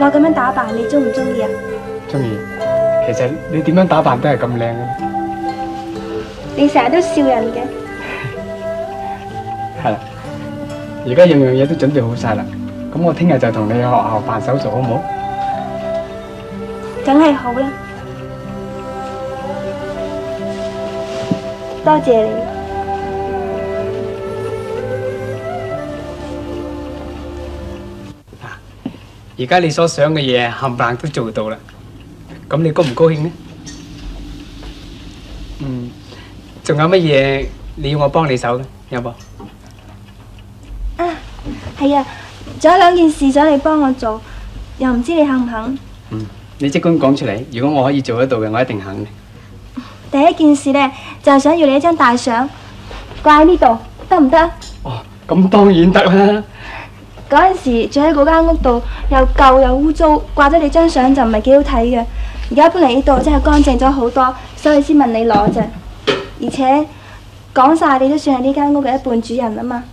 我咁樣打扮，你中唔中意啊？中意，其實你點樣打扮都係咁靚嘅。你成日都笑人嘅。係啦，而家樣樣嘢都準備好晒啦，咁我聽日就同你去學校辦手續，好唔好？梗係好啦，多謝你。而家你所想嘅嘢，冚唪唥都做到啦。咁你高唔高興呢？嗯，仲有乜嘢你要我幫你手呢？有冇？啊，係啊，仲有兩件事想你幫我做，又唔知你肯唔肯？嗯，你即管講出嚟。如果我可以做得到嘅，我一定肯。第一件事呢，就係想要你一張大相掛喺呢度，得唔得？哦，咁當然得啦。嗰陣時住喺嗰間屋度，又舊又污糟，掛咗你張相就唔係幾好睇嘅。而家搬嚟呢度真係乾淨咗好多，所以先問你攞啫。而且講晒你都算係呢間屋嘅一半主人吖嘛。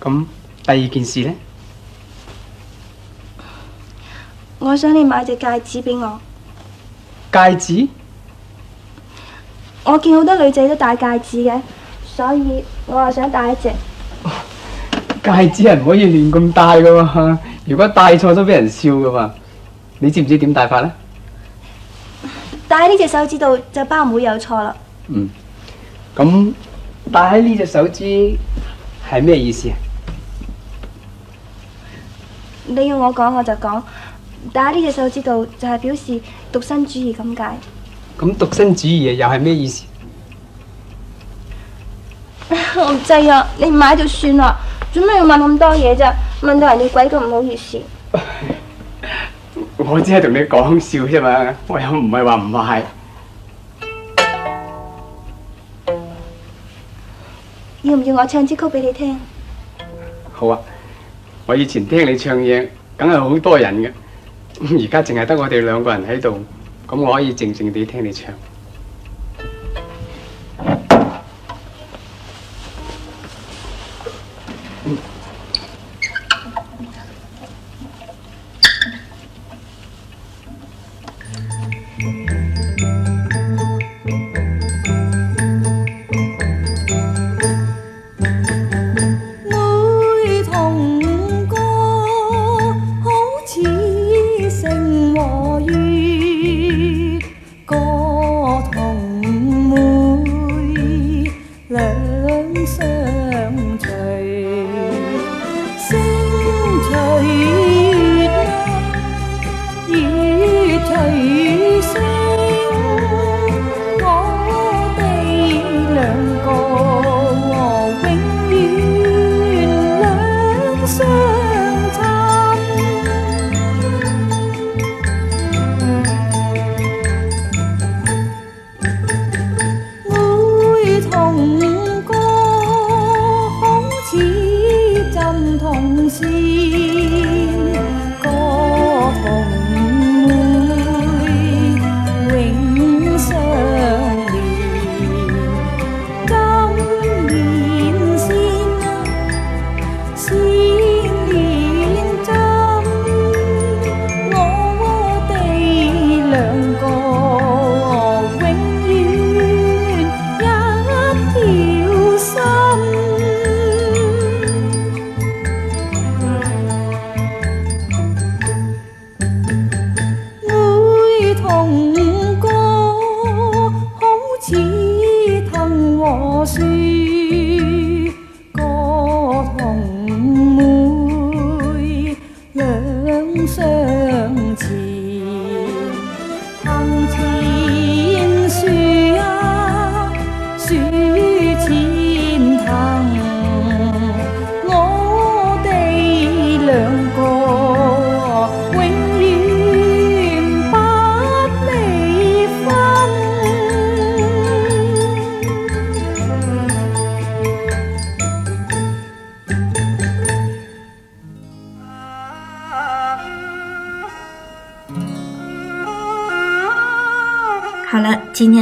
咁第二件事呢？我想你買隻戒指俾我。戒指？我見好多女仔都戴戒指嘅。所以，我係想戴一隻戒指，係唔可以亂咁戴噶。如果戴錯都俾人笑噶嘛。你知唔知點戴法呢？戴喺呢隻手指度就包唔會有錯啦。嗯，咁戴喺呢隻手指係咩意思？你要我講我就講，戴喺呢隻手指度就係表示獨身主義咁解。咁獨身主義又係咩意思？我唔制啊！你唔買就算啦，做咩要問咁多嘢啫？問到人哋鬼都唔好意思。我只係同你講笑啫嘛，我又唔係話唔買。要唔要我唱支曲俾你聽？好啊！我以前聽你唱嘢，梗係好多人嘅，而家淨係得我哋兩個人喺度，咁我可以靜靜地聽你唱。